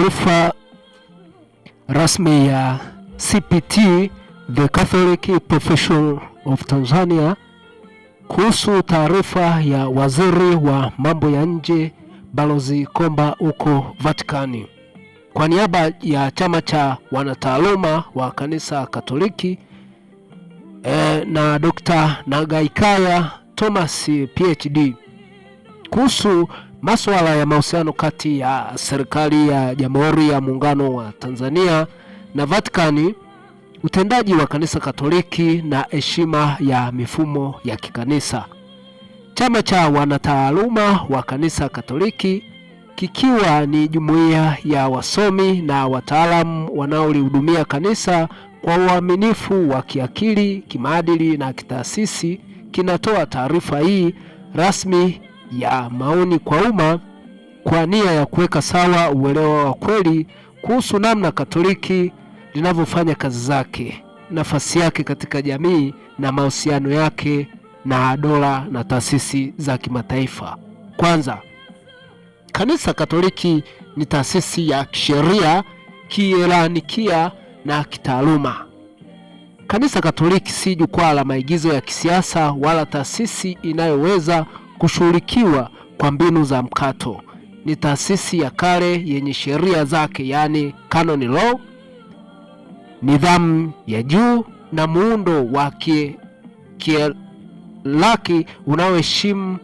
taarifa rasmi ya CPT the Catholic Profession of Tanzania kuhusu taarifa ya waziri wa mambo ya nje Balozi Komba huko Vatikani. Kwa niaba ya chama cha wanataaluma wa kanisa Katoliki e, na Dr. Nagaikaya Thomas PhD kuhusu masuala ya mahusiano kati ya serikali ya Jamhuri ya Muungano wa Tanzania na Vatikani, utendaji wa Kanisa Katoliki na heshima ya mifumo ya kikanisa. Chama cha wanataaluma wa Kanisa Katoliki kikiwa ni jumuiya ya wasomi na wataalamu wanaolihudumia kanisa kwa uaminifu wa kiakili, kimaadili na kitaasisi, kinatoa taarifa hii rasmi ya maoni kwa umma kwa nia ya kuweka sawa uelewa wa kweli kuhusu namna Katoliki linavyofanya kazi zake, nafasi yake katika jamii na mahusiano yake na dola na taasisi za kimataifa. Kwanza, Kanisa Katoliki ni taasisi ya kisheria, kielanikia na kitaaluma. Kanisa Katoliki si jukwaa la maigizo ya kisiasa wala taasisi inayoweza kushughulikiwa kwa mbinu za mkato. Ni taasisi ya kale yenye sheria zake, yaani canon law, nidhamu ya juu na muundo wa kielaki unaoheshimu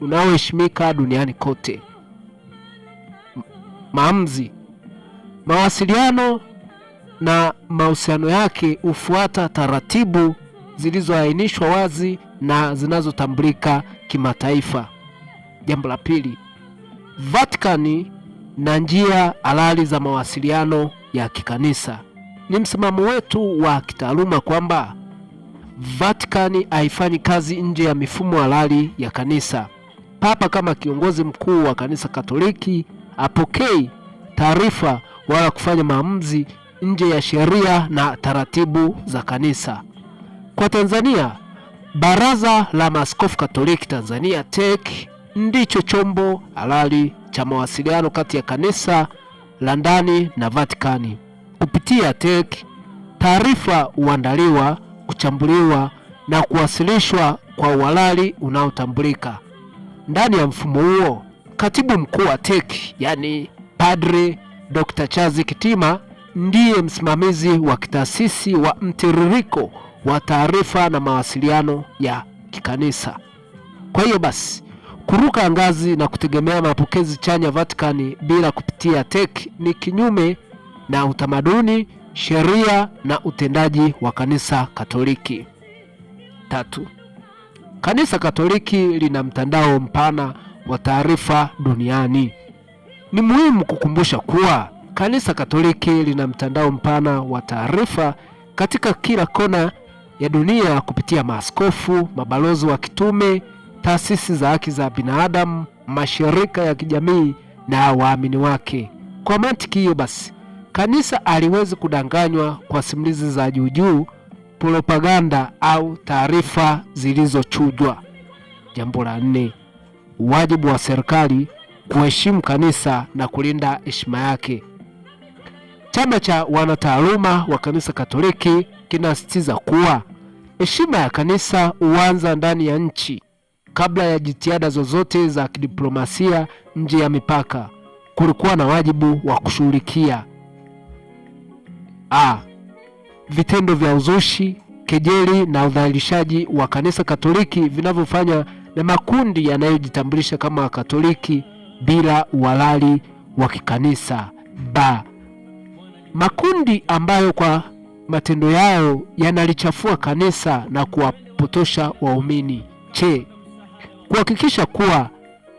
unaoheshimika duniani kote. Maamuzi, mawasiliano na mahusiano yake hufuata taratibu zilizoainishwa wazi na zinazotambulika kimataifa. Jambo la pili, Vatikani na njia halali za mawasiliano ya kikanisa. Ni msimamo wetu wa kitaaluma kwamba Vatikani haifanyi kazi nje ya mifumo halali ya kanisa. Papa kama kiongozi mkuu wa kanisa Katoliki apokei taarifa wala kufanya maamuzi nje ya sheria na taratibu za kanisa. Kwa Tanzania, Baraza la Maaskofu Katoliki Tanzania TEC ndicho chombo halali cha mawasiliano kati ya kanisa la ndani na Vatikani. Kupitia TEC, taarifa huandaliwa, kuchambuliwa na kuwasilishwa kwa uhalali unaotambulika. Ndani ya mfumo huo, katibu mkuu wa TEC, yani Padre Dr. Charles Kitima ndiye msimamizi wa kitaasisi wa mtiririko wa taarifa na mawasiliano ya kikanisa. Kwa hiyo basi kuruka ngazi na kutegemea mapokezi chanya Vatikani bila kupitia TEC ni kinyume na utamaduni, sheria na utendaji wa kanisa Katoliki. Tatu, kanisa Katoliki lina mtandao mpana wa taarifa duniani. Ni muhimu kukumbusha kuwa kanisa Katoliki lina mtandao mpana wa taarifa katika kila kona ya dunia kupitia maaskofu, mabalozi wa kitume, taasisi za haki za binadamu, mashirika ya kijamii na waamini wake. Kwa mantiki hiyo basi, kanisa haliwezi kudanganywa kwa simulizi za juujuu, propaganda au taarifa zilizochujwa. Jambo la nne, wajibu wa serikali kuheshimu kanisa na kulinda heshima yake. Chama cha wanataaluma wa Kanisa Katoliki kinasisitiza kuwa heshima ya kanisa huanza ndani ya nchi kabla ya jitihada zozote za kidiplomasia nje ya mipaka. Kulikuwa na wajibu wa kushughulikia a vitendo vya uzushi, kejeli na udhalilishaji wa kanisa Katoliki vinavyofanywa na makundi yanayojitambulisha kama katoliki bila uhalali wa kikanisa. Ba, makundi ambayo kwa matendo yao yanalichafua kanisa na kuwapotosha waumini. Che, kuhakikisha kuwa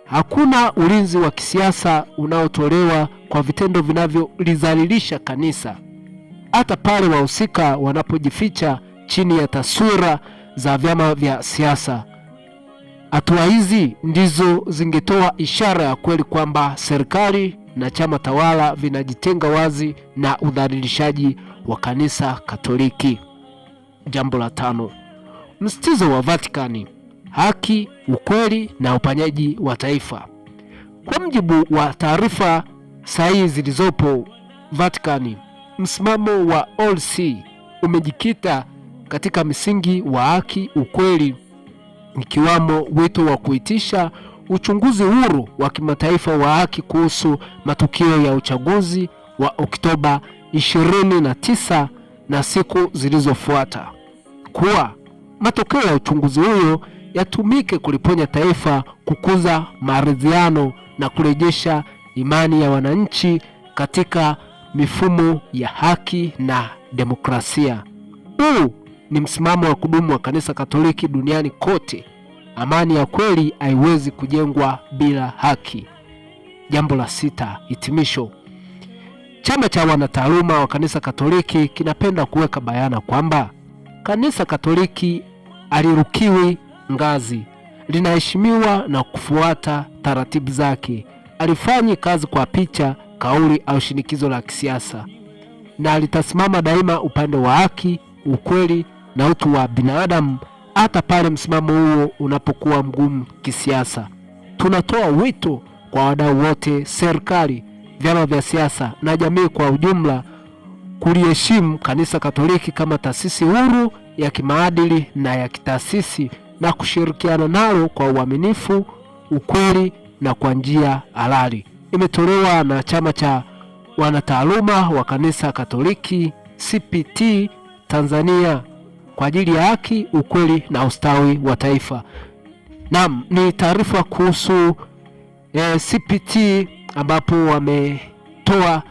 hakuna ulinzi wa kisiasa unaotolewa kwa vitendo vinavyolizalilisha kanisa, hata pale wahusika wanapojificha chini ya taswira za vyama vya siasa. Hatua hizi ndizo zingetoa ishara ya kweli kwamba serikali na chama tawala vinajitenga wazi na udhalilishaji wa kanisa Katoliki. Jambo la tano, msitizo wa Vatikani: haki, ukweli na upanyaji wa taifa. Kwa mjibu wa taarifa sahihi zilizopo Vatikani, msimamo wa OLC umejikita katika misingi wa haki, ukweli, ikiwamo wito wa kuitisha uchunguzi huru wa kimataifa wa haki kuhusu matukio ya uchaguzi wa Oktoba ishirini na tisa na siku zilizofuata kuwa matokeo ya uchunguzi huyo yatumike kuliponya taifa, kukuza maridhiano na kurejesha imani ya wananchi katika mifumo ya haki na demokrasia. Huu ni msimamo wa kudumu wa Kanisa Katoliki duniani kote. Amani ya kweli haiwezi kujengwa bila haki. Jambo la sita, hitimisho. Chama cha wanataaluma wa kanisa Katoliki kinapenda kuweka bayana kwamba kanisa Katoliki alirukiwi ngazi, linaheshimiwa na kufuata taratibu zake, alifanyi kazi kwa picha, kauli au shinikizo la kisiasa, na litasimama daima upande wa haki, ukweli na utu wa binadamu, hata pale msimamo huo unapokuwa mgumu kisiasa. Tunatoa wito kwa wadau wote, serikali vyama vya siasa na jamii kwa ujumla kuliheshimu Kanisa Katoliki kama taasisi huru ya kimaadili na ya kitaasisi na kushirikiana nalo kwa uaminifu, ukweli na kwa njia halali. Imetolewa na Chama cha Wanataaluma wa Kanisa Katoliki CPT Tanzania kwa ajili ya haki, ukweli na ustawi wa taifa. Naam, ni taarifa kuhusu eh, CPT ambapo wametoa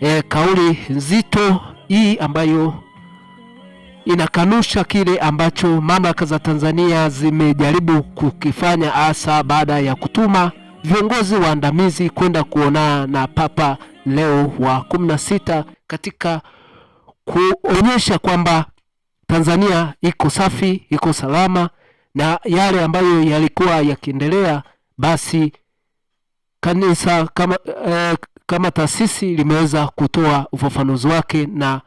e, kauli nzito hii ambayo inakanusha kile ambacho mamlaka za Tanzania zimejaribu kukifanya hasa baada ya kutuma viongozi waandamizi kwenda kuonana na Papa Leo wa kumi na sita katika kuonyesha kwamba Tanzania iko safi, iko salama na yale ambayo yalikuwa yakiendelea basi kanisa kama, eh, kama taasisi limeweza kutoa ufafanuzi wake na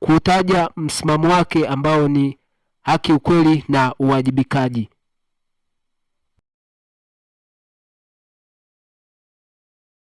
kutaja msimamo wake ambao ni haki, ukweli na uwajibikaji.